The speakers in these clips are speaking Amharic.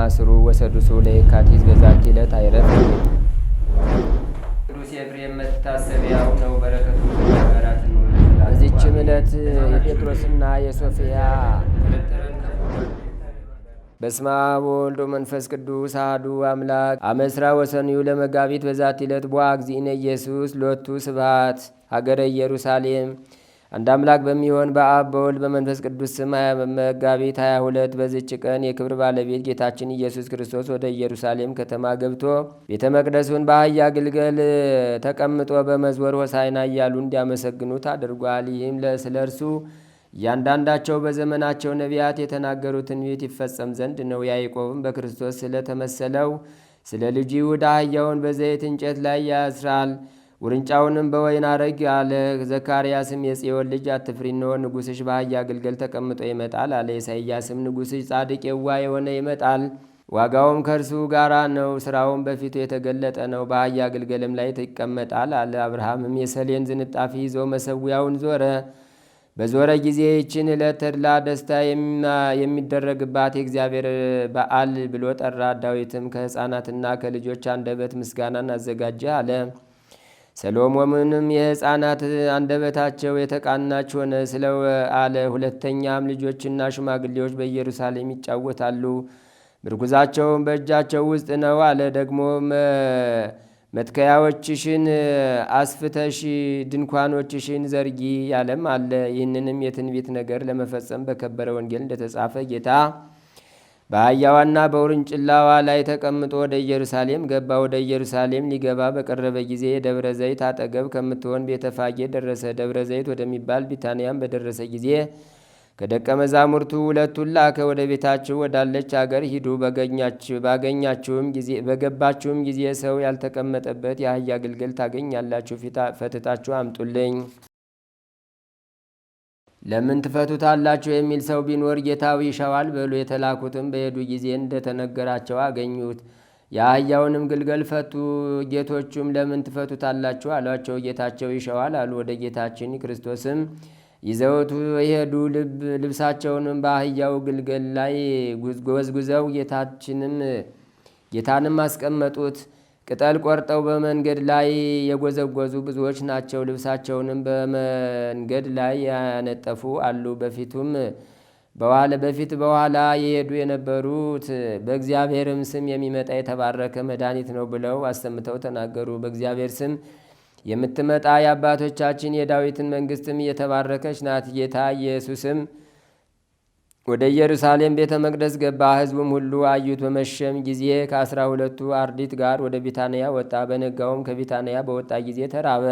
ማስሩ ወሰዱሱ ለየካቲት በዛቲ ዕለት አይረፍ። ቅዱስ ኤፍሬም መታሰቢያው ነው። በረከቱ በዚችም ዕለት የጴጥሮስና የሶፊያ በስመ አብ ወወልድ ወመንፈስ ቅዱስ አሐዱ አምላክ። አመስራ ወሰንዩ ለመጋቢት በዛቲ ዕለት ቦአ እግዚእነ ኢየሱስ ሎቱ ስብሐት ሀገረ ኢየሩሳሌም አንድ አምላክ በሚሆን በአብ በወልድ በመንፈስ ቅዱስ ስም መጋቢት 22 በዚች ቀን የክብር ባለቤት ጌታችን ኢየሱስ ክርስቶስ ወደ ኢየሩሳሌም ከተማ ገብቶ ቤተ መቅደሱን በአህያ ግልገል ተቀምጦ በመዝወር ሆሳይና እያሉ እንዲያመሰግኑት አድርጓል። ይህም ስለ እርሱ እያንዳንዳቸው በዘመናቸው ነቢያት የተናገሩትን ቤት ይፈጸም ዘንድ ነው። ያዕቆብም በክርስቶስ ስለተመሰለው ስለ ልጁ ይሁዳ አህያውን በዘይት እንጨት ላይ ያስራል። ውርንጫውንም በወይን አረግ አለ። ዘካርያስም የጽዮን ልጅ አትፍሪ፣ እነሆ ንጉሥሽ በአህያ ግልገል ተቀምጦ ይመጣል አለ። ኢሳይያስም ንጉሥሽ ጻድቅ የዋ የሆነ ይመጣል፣ ዋጋውም ከእርሱ ጋር ነው፣ ስራውም በፊቱ የተገለጠ ነው፣ በአህያ ግልገልም ላይ ይቀመጣል አለ። አብርሃምም የሰሌን ዝንጣፊ ይዞ መሰዊያውን ዞረ። በዞረ ጊዜ ይችን ዕለት ተድላ ደስታ የሚደረግባት የእግዚአብሔር በዓል ብሎ ጠራ። ዳዊትም ከሕፃናትና ከልጆች አንደበት ምስጋናን አዘጋጀ አለ። ሰሎሞንም የሕፃናት አንደበታቸው የተቃናች ሆነ ስለ አለ። ሁለተኛም ልጆችና ሽማግሌዎች በኢየሩሳሌም ይጫወታሉ፣ ምርኩዛቸውም በእጃቸው ውስጥ ነው አለ። ደግሞ መትከያዎችሽን አስፍተሽ ድንኳኖችሽን ዘርጊ ያለም አለ። ይህንንም የትንቢት ነገር ለመፈጸም በከበረ ወንጌል እንደተጻፈ ጌታ በአህያዋና በውርንጭላዋ ላይ ተቀምጦ ወደ ኢየሩሳሌም ገባ። ወደ ኢየሩሳሌም ሊገባ በቀረበ ጊዜ የደብረ ዘይት አጠገብ ከምትሆን ቤተፋጌ ደረሰ። ደብረ ዘይት ወደሚባል ቢታንያም በደረሰ ጊዜ ከደቀ መዛሙርቱ ሁለቱን ላከ። ወደ ቤታችሁ ወዳለች አገር ሂዱ፣ በገባችሁም ጊዜ ሰው ያልተቀመጠበት የአህያ ግልገል ታገኛላችሁ፣ ፈትታችሁ አምጡልኝ ለምን ትፈቱታላችሁ የሚል ሰው ቢኖር ጌታው ይሻዋል በሉ። የተላኩትም በሄዱ ጊዜ እንደተነገራቸው አገኙት። የአህያውንም ግልገል ፈቱ። ጌቶቹም ለምን ትፈቱታላችሁ አሏቸው። ጌታቸው ይሸዋል አሉ። ወደ ጌታችን ክርስቶስም ይዘውቱ የሄዱ ልብሳቸውንም በአህያው ግልገል ላይ ጎዝጉዘው ጌታችንም ጌታንም አስቀመጡት። ቅጠል ቆርጠው በመንገድ ላይ የጎዘጎዙ ብዙዎች ናቸው። ልብሳቸውንም በመንገድ ላይ ያነጠፉ አሉ። በፊቱም በፊት በኋላ የሄዱ የነበሩት በእግዚአብሔርም ስም የሚመጣ የተባረከ መድኃኒት ነው ብለው አሰምተው ተናገሩ። በእግዚአብሔር ስም የምትመጣ የአባቶቻችን የዳዊትን መንግስትም እየተባረከች ናት። ጌታ ኢየሱስም ወደ ኢየሩሳሌም ቤተ መቅደስ ገባ። ሕዝቡም ሁሉ አዩት። በመሸም ጊዜ ከአስራ ሁለቱ አርዲት ጋር ወደ ቢታንያ ወጣ። በነጋውም ከቢታንያ በወጣ ጊዜ ተራበ።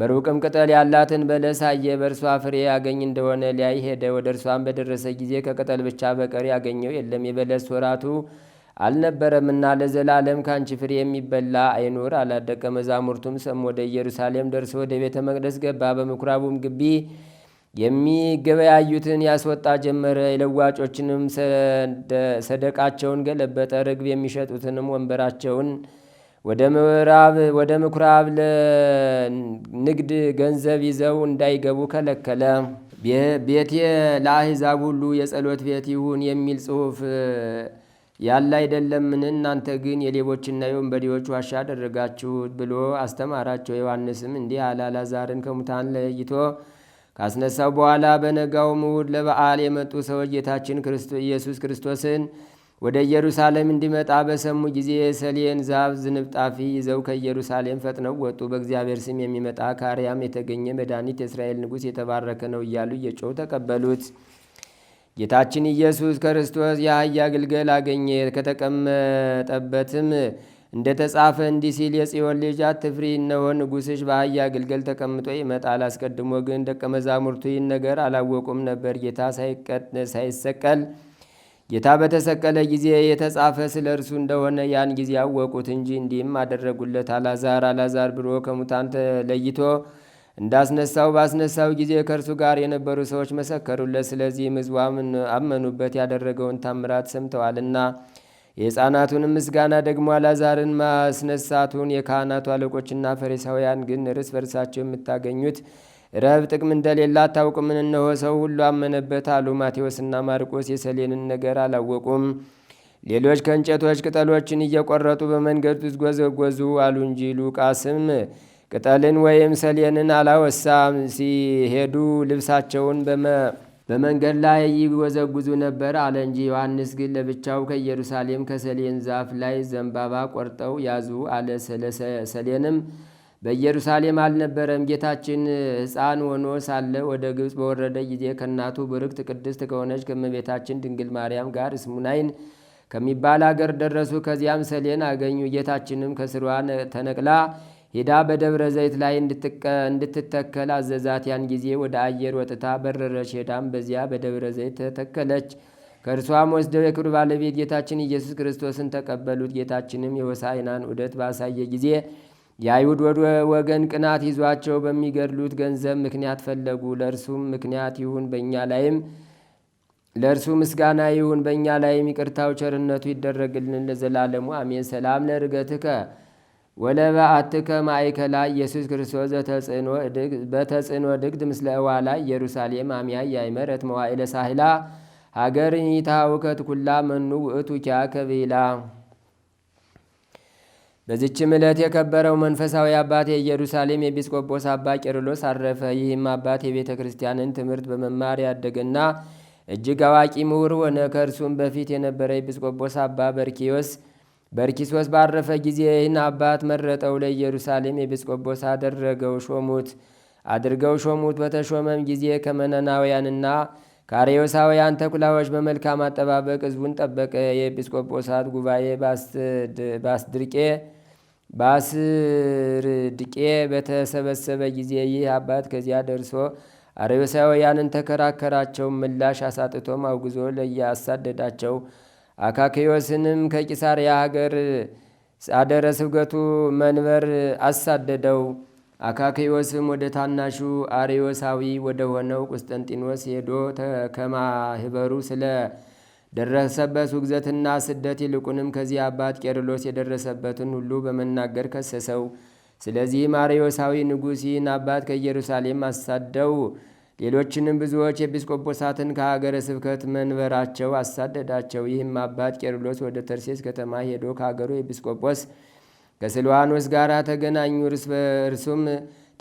በሩቅም ቅጠል ያላትን በለስ አየ። በእርሷ ፍሬ ያገኝ እንደሆነ ሊያይ ሄደ። ወደ እርሷም በደረሰ ጊዜ ከቅጠል ብቻ በቀር ያገኘው የለም፣ የበለስ ወራቱ አልነበረምና ለዘላለም ከአንቺ ፍሬ የሚበላ አይኑር አላት። ደቀ መዛሙርቱም ሰሙ። ወደ ኢየሩሳሌም ደርሶ ወደ ቤተ መቅደስ ገባ። በምኩራቡም ግቢ የሚገበያዩትን ያስወጣ ጀመረ። የለዋጮችንም ሰደቃቸውን ገለበጠ። ርግብ የሚሸጡትንም ወንበራቸውን ወደ ምዕራብ ወደ ምኩራብ ለንግድ ገንዘብ ይዘው እንዳይገቡ ከለከለ። ቤቴ ለአሕዛብ ሁሉ የጸሎት ቤት ይሁን የሚል ጽሑፍ ያለ አይደለምን? እናንተ ግን የሌቦችና የወንበዴዎች ዋሻ አደረጋችሁት ብሎ አስተማራቸው። ዮሐንስም እንዲህ አለ፣ አልዓዛርን ከሙታን ለይቶ ካስነሳው በኋላ በነጋው ምውድ ለበዓል የመጡ ሰዎች ጌታችን ኢየሱስ ክርስቶስን ወደ ኢየሩሳሌም እንዲመጣ በሰሙ ጊዜ የሰሌን ዛፍ ዝንብጣፊ ይዘው ከኢየሩሳሌም ፈጥነው ወጡ። በእግዚአብሔር ስም የሚመጣ ካርያም የተገኘ መድኃኒት የእስራኤል ንጉሥ የተባረከ ነው እያሉ እየጮው ተቀበሉት። ጌታችን ኢየሱስ ክርስቶስ የአህያ ግልገል አገኘ። ከተቀመጠበትም እንደ ተጻፈ እንዲህ ሲል የጽዮን ልጅ አትፍሪ፣ እነሆ ንጉሥሽ በአህያ ግልገል ተቀምጦ ይመጣል። አስቀድሞ ግን ደቀ መዛሙርቱ ይህን ነገር አላወቁም ነበር። ጌታ ሳይሰቀል ጌታ በተሰቀለ ጊዜ የተጻፈ ስለ እርሱ እንደሆነ ያን ጊዜ አወቁት እንጂ እንዲህም አደረጉለት። አላዛር አላዛር ብሎ ከሙታን ተለይቶ እንዳስነሳው ባስነሳው ጊዜ ከእርሱ ጋር የነበሩ ሰዎች መሰከሩለት። ስለዚህም ሕዝቡ አመኑበት፣ ያደረገውን ታምራት ሰምተዋልና። የሕፃናቱንም ምስጋና ደግሞ አላዛርን ማስነሳቱን የካህናቱ አለቆችና ፈሪሳውያን ግን እርስ በርሳቸው የምታገኙት ረብ ጥቅም እንደሌለ አታውቁምን? እነሆ ሰው ሁሉ አመነበት አሉ። ማቴዎስና ማርቆስ የሰሌንን ነገር አላወቁም። ሌሎች ከእንጨቶች ቅጠሎችን እየቆረጡ በመንገድ ውስጥ አሉ እንጂ ሉቃስም ቅጠልን ወይም ሰሌንን አላወሳም። ሲሄዱ ልብሳቸውን በመ በመንገድ ላይ ይወዘጉዙ ነበር አለ እንጂ። ዮሐንስ ግን ለብቻው ከኢየሩሳሌም ከሰሌን ዛፍ ላይ ዘንባባ ቆርጠው ያዙ አለ። ሰሌንም በኢየሩሳሌም አልነበረም። ጌታችን ሕፃን ሆኖ ሳለ ወደ ግብፅ በወረደ ጊዜ ከእናቱ ብርክት ቅድስት ከሆነች ከእመቤታችን ድንግል ማርያም ጋር እስሙናይን ከሚባል አገር ደረሱ። ከዚያም ሰሌን አገኙ። ጌታችንም ከስሯ ተነቅላ ሄዳ በደብረ ዘይት ላይ እንድትተከል አዘዛት። ያን ጊዜ ወደ አየር ወጥታ በረረች። ሄዳም በዚያ በደብረ ዘይት ተተከለች። ከእርሷም ወስደው የክብር ባለቤት ጌታችን ኢየሱስ ክርስቶስን ተቀበሉት። ጌታችንም የሆሳዕናን ውደት ባሳየ ጊዜ የአይሁድ ወገን ቅናት ይዟቸው በሚገድሉት ገንዘብ ምክንያት ፈለጉ። ለእርሱም ምክንያት ይሁን በእኛ ላይም ለእርሱ ምስጋና ይሁን በእኛ ላይም ይቅርታው ቸርነቱ ይደረግልን ለዘላለሙ አሜን። ሰላም ለርገትከ ወለበአትከ ማእከላ ኢየሱስ ክርስቶስ በተጽዕኖ ድግድ ምስለ እዋላ ኢየሩሳሌም አሚያ ያይመረት መዋኢለ ሳህላ ሀገር ኒታ ውከት ኩላ መኑ ውእቱ ኪያ ከቤላ። በዚችም ዕለት የከበረው መንፈሳዊ አባት የኢየሩሳሌም ኤጲስቆጶስ አባ ቄርሎስ አረፈ። ይህም አባት የቤተ ክርስቲያንን ትምህርት በመማር ያደገና እጅግ አዋቂ ምሁር ሆነ። ከእርሱም በፊት የነበረ ኤጲስቆጶስ አባ በርኪዮስ በርኪሶስ ባረፈ ጊዜ ይህን አባት መረጠው፣ ለኢየሩሳሌም ኤጲስቆጶስ አደረገው ሾሙት አድርገው ሾሙት። በተሾመም ጊዜ ከመነናውያንና ከአርዮሳውያን ተኩላዎች በመልካም አጠባበቅ ሕዝቡን ጠበቀ። የኤጲስቆጶሳት ጉባኤ ባስድርቄ ባስርድቄ በተሰበሰበ ጊዜ ይህ አባት ከዚያ ደርሶ አርዮሳውያንን ተከራከራቸው። ምላሽ አሳጥቶም አውግዞ ለያሳደዳቸው አካክዮስንም ከቂሳርያ ሀገር አደረ ስብገቱ መንበር አሳደደው። አካክዮስም ወደ ታናሹ አርዮሳዊ ወደ ሆነው ቁስጠንጢኖስ ሄዶ ከማህበሩ ስለ ደረሰበት ውግዘትና ስደት ይልቁንም ከዚህ አባት ቄርሎስ የደረሰበትን ሁሉ በመናገር ከሰሰው። ስለዚህም አርዮሳዊ ንጉሥ ይህን አባት ከኢየሩሳሌም አሳደው ሌሎችንም ብዙዎች ኤጲስቆጶሳትን ከሀገረ ስብከት መንበራቸው አሳደዳቸው። ይህም አባት ቄርሎስ ወደ ተርሴስ ከተማ ሄዶ ከሀገሩ ኤጲስቆጶስ ከስልዋኖስ ጋር ተገናኙ። እርሱም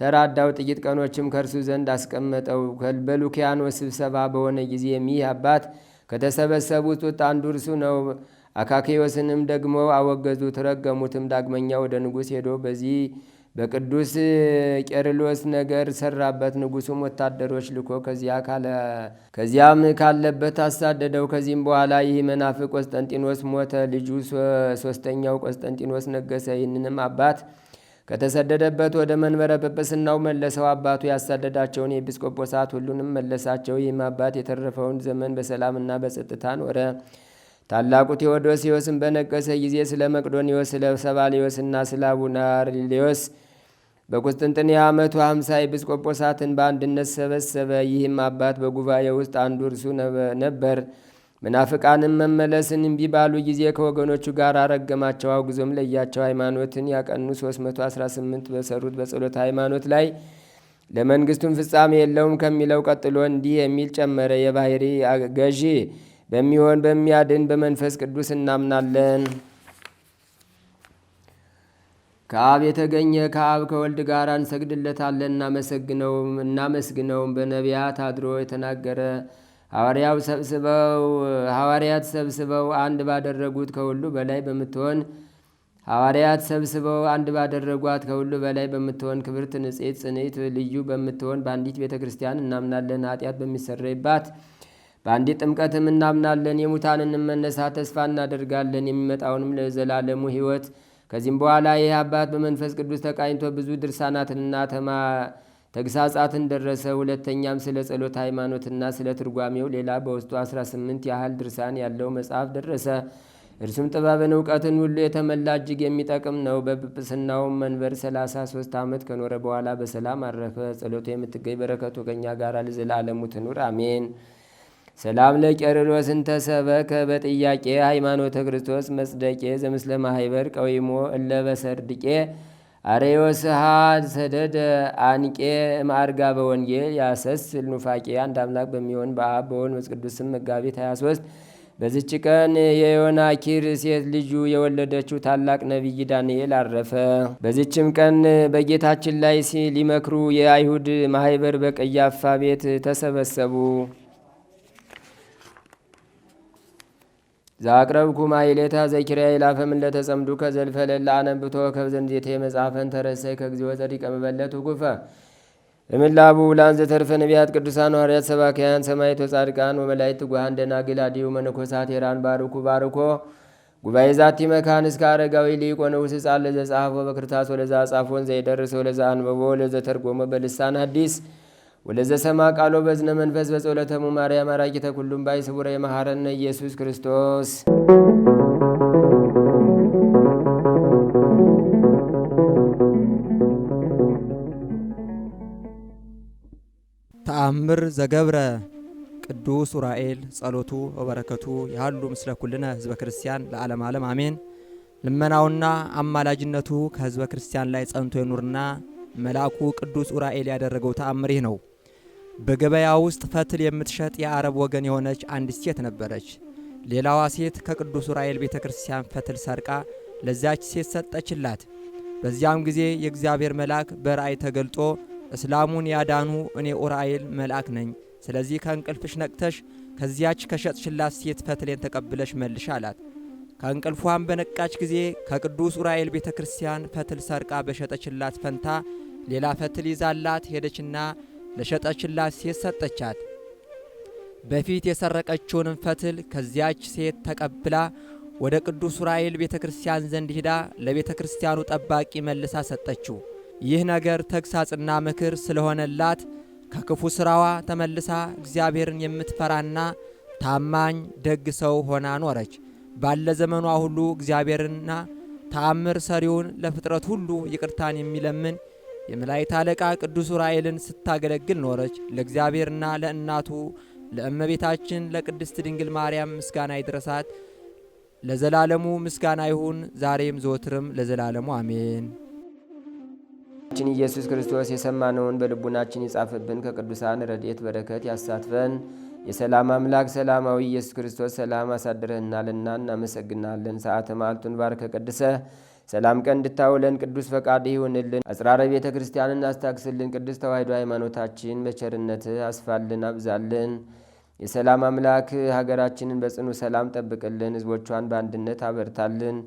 ተራዳው፣ ጥቂት ቀኖችም ከእርሱ ዘንድ አስቀመጠው። በሉኪያኖስ ስብሰባ በሆነ ጊዜ ይህ አባት ከተሰበሰቡት ውስጥ አንዱ እርሱ ነው። አካኪዮስንም ደግሞ አወገዙት፣ ረገሙትም። ዳግመኛ ወደ ንጉሥ ሄዶ በዚህ በቅዱስ ቄርሎስ ነገር ሰራበት። ንጉሱም ወታደሮች ልኮ ከዚያም ካለበት አሳደደው። ከዚህም በኋላ ይህ መናፍቅ ቆስጠንጢኖስ ሞተ። ልጁ ሶስተኛው ቆስጠንጢኖስ ነገሰ። ይህንንም አባት ከተሰደደበት ወደ መንበረ ጵጵስናው መለሰው። አባቱ ያሳደዳቸውን የኤጲስቆጶሳት ሁሉንም መለሳቸው። ይህም አባት የተረፈውን ዘመን በሰላምና በጸጥታ ኖረ። ታላቁ ቴዎዶስዮስን በነገሰ ጊዜ ስለ መቅዶኒዎስ፣ ስለ ሰባልዮስና ስለ አቡናርሌዎስ በቁስጥንጥንያ መቶ ሀምሳ ኤጲስ በአንድነት ሰበሰበ። ይህም አባት በጉባኤ ውስጥ አንዱ እርሱ ነበር። መናፍቃንም መመለስን እምቢ ባሉ ጊዜ ከወገኖቹ ጋር አረገማቸው፣ አውግዞም ለያቸው። ሃይማኖትን ያቀኑ 318 በሰሩት በጸሎት ሃይማኖት ላይ ለመንግስቱም ፍጻሜ የለውም ከሚለው ቀጥሎ እንዲህ የሚል ጨመረ። የባህሪ ገዢ በሚሆን በሚያድን በመንፈስ ቅዱስ እናምናለን። ከአብ የተገኘ ከአብ ከወልድ ጋር እንሰግድለታለን፣ እናመሰግነውም እናመስግነውም። በነቢያት አድሮ የተናገረ ሐዋርያው ሰብስበው ሐዋርያት ሰብስበው አንድ ባደረጉት ከሁሉ በላይ በምትሆን ሐዋርያት ሰብስበው አንድ ባደረጓት ከሁሉ በላይ በምትሆን ክብርት ንጽሕት ጽንዕት ልዩ በምትሆን በአንዲት ቤተ ክርስቲያን እናምናለን። ኃጢአት በሚሰረይባት በአንዲት ጥምቀትም እናምናለን፣ የሙታንን መነሳት ተስፋ እናደርጋለን፣ የሚመጣውንም ለዘላለሙ ሕይወት። ከዚህም በኋላ ይህ አባት በመንፈስ ቅዱስ ተቃኝቶ ብዙ ድርሳናትንና ተግሳጻትን ደረሰ። ሁለተኛም ስለ ጸሎት ሃይማኖትና ስለ ትርጓሜው ሌላ በውስጡ 18 ያህል ድርሳን ያለው መጽሐፍ ደረሰ። እርሱም ጥበብን እውቀትን ሁሉ የተመላ እጅግ የሚጠቅም ነው። በጵጵስናውም መንበር 33 ዓመት ከኖረ በኋላ በሰላም አረፈ። ጸሎቱ የምትገኝ በረከቱ ከእኛ ጋር ለዘላለሙ ትኑር አሜን። ሰላም ለቄርሎስ እንተሰበከ በጥያቄ ሃይማኖተ ክርስቶስ መጽደቄ ዘምስለ ማህበር ቀዊሞ እለበሰርድቄ አሬዮስሃ ሰደደ አንቄ ማዕርጋ በወንጌል ያሰስል ኑፋቄ አንድ አምላክ በሚሆን በአብ በወልድ መንፈስ መጋቢት 23 በዚች ቀን የዮናኪር ሴት ልጁ የወለደችው ታላቅ ነቢይ ዳንኤል አረፈ። በዚችም ቀን በጌታችን ላይ ሊመክሩ የአይሁድ ማህበር በቀያፋ ቤት ተሰበሰቡ። ዛቅረብኩ ማይሌታ ዘኪርያ ይላፈምን ለተጸምዱ ከዘልፈለላ አነብቶ ከብዘን ዜቴ መጽሐፈን ተረሰይ ከጊዜ ወጸድ ይቀመበለት ውጉፈ እምላቡ ውላን ዘተርፈ ነቢያት ቅዱሳን ሐዋርያት ሰባኪያን ሰማይቶ ጻድቃን ወመላይት ጉሃን ደናግል አዲሁ መነኮሳት ሄራን ባርኩ ባርኮ ጉባኤ ዛቲ መካን እስከ አረጋዊ ሊቆ ንዑስ ሕፃን ለዘ ጻሐፎ በክርታስ ወለዛ ጻፎን ዘይደርሰ ወለዛ አንበቦ ለዘተርጎመ በልሳን አዲስ ሰማ ቃሎ በዝነ መንፈስ በጸሎተሙ ማርያም አራቂተ ኩሉም ባይ ስቡረ የመሐረነ ኢየሱስ ክርስቶስ ተአምር ዘገብረ ቅዱስ ኡራኤል ጸሎቱ ወበረከቱ ያሉ ምስለ ኩልነ ህዝበ ክርስቲያን ለዓለም ዓለም አሜን። ልመናውና አማላጅነቱ ከህዝበ ክርስቲያን ላይ ጸንቶ የኑርና መልአኩ ቅዱስ ኡራኤል ያደረገው ተአምር ይህ ነው። በገበያ ውስጥ ፈትል የምትሸጥ የአረብ ወገን የሆነች አንዲት ሴት ነበረች። ሌላዋ ሴት ከቅዱስ ዑራኤል ቤተ ክርስቲያን ፈትል ሰርቃ ለዚያች ሴት ሰጠችላት። በዚያም ጊዜ የእግዚአብሔር መልአክ በራእይ ተገልጦ እስላሙን ያዳኑ እኔ ዑራኤል መልአክ ነኝ፣ ስለዚህ ከእንቅልፍሽ ነቅተሽ ከዚያች ከሸጥሽላት ሴት ፈትሌን ተቀብለሽ መልሽ አላት። ከእንቅልፏም በነቃች ጊዜ ከቅዱስ ዑራኤል ቤተ ክርስቲያን ፈትል ሰርቃ በሸጠችላት ፈንታ ሌላ ፈትል ይዛላት ሄደችና ለሸጠችላት ሴት ሰጠቻት። በፊት የሰረቀችውንም ፈትል ከዚያች ሴት ተቀብላ ወደ ቅዱስ ዑራኤል ቤተ ክርስቲያን ዘንድ ሂዳ ለቤተ ክርስቲያኑ ጠባቂ መልሳ ሰጠችው። ይህ ነገር ተግሳጽና ምክር ስለሆነላት ከክፉ ሥራዋ ተመልሳ እግዚአብሔርን የምትፈራና ታማኝ ደግ ሰው ሆና ኖረች። ባለ ዘመኗ ሁሉ እግዚአብሔርና ተአምር ሰሪውን ለፍጥረት ሁሉ ይቅርታን የሚለምን የመላእክት አለቃ ቅዱስ ዑራኤልን ስታገለግል ኖረች። ለእግዚአብሔርና ለእናቱ ለእመቤታችን ለቅድስት ድንግል ማርያም ምስጋና ይድረሳት ለዘላለሙ ምስጋና ይሁን፣ ዛሬም ዘወትርም ለዘላለሙ አሜን። ችን ኢየሱስ ክርስቶስ የሰማነውን በልቡናችን ይጻፍብን፣ ከቅዱሳን ረድኤት በረከት ያሳትፈን። የሰላም አምላክ ሰላማዊ ኢየሱስ ክርስቶስ ሰላም አሳድረህናልና እናመሰግናለን። ሰዓተ ማልቱን ባርከ ቀድሰ ሰላም ቀን እንድታውለን ቅዱስ ፈቃድ ይሁንልን። አጽራረ ቤተ ክርስቲያን እናስታክስልን። ቅዱስ ተዋሕዶ ሃይማኖታችን መቸርነት አስፋልን፣ አብዛልን። የሰላም አምላክ ሀገራችንን በጽኑ ሰላም ጠብቅልን፣ ህዝቦቿን በአንድነት አበርታልን።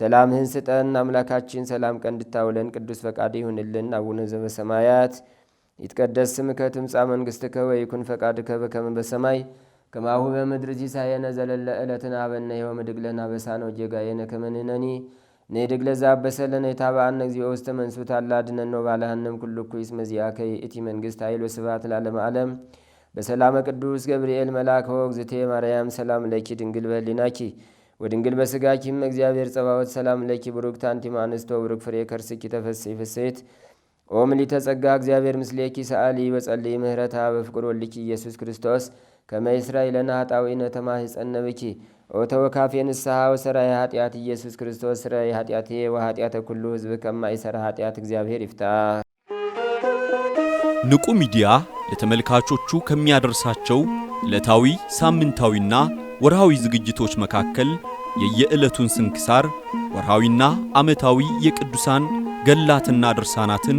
ሰላምህን ስጠን አምላካችን። ሰላም ቀን እንድታውለን ቅዱስ ፈቃድ ይሁንልን። አቡነ ዘበሰማያት ይትቀደስ ስምከ ትምጻእ መንግሥትከ ወይኩን ፈቃድከ በከመ በሰማይ ከማሁ በምድር ሲሳየነ ዘለለ ዕለትን አበነ ዮም ወኅድግ ለነ አበሳነ ወጌጋየነ ከመ ንሕነኒ ንድግ ለዛብ በሰለነ የታብአነ እግዚኦ ውስተ መንሱት አላድነን ነው ባለሃንም ኩሉ ኩይስ መዚአከ እቲ መንግሥት ኃይል ወስብሐት ለዓለመ ዓለም በሰላመ ቅዱስ ገብርኤል መልአከ ወእግዝእቴ ማርያም ሰላም ለኪ ድንግል በሊናኪ ወድንግል በስጋኪም እግዚአብሔር ጸባወት ሰላም ለኪ ብሩክት አንቲ እምአንስቶ ብሩክ ፍሬ ከርስኪ ተፈሥሒ ፍሥሕት ኦ ምልዕተ ጸጋ እግዚአብሔር ምስሌኪ ሰአሊ በጸልይ ምህረታ በፍቅር ወልኪ ኢየሱስ ክርስቶስ ከመ ይስራይ ለነ ኃጣውኢነ ተማኅፀነ ብኪ ወተወካፌ ንስሐ ወሰራይ ኃጢአት ኢየሱስ ክርስቶስ ስራይ ኃጢአቴ ወኃጢአተ ኩሉ ህዝብ ከማይሰራ ኃጢአት እግዚአብሔር ይፍታ። ንቁ ሚዲያ ለተመልካቾቹ ከሚያደርሳቸው ዕለታዊ ሳምንታዊና ወርሃዊ ዝግጅቶች መካከል የየዕለቱን ስንክሳር ወርሃዊና ዓመታዊ የቅዱሳን ገላትና ድርሳናትን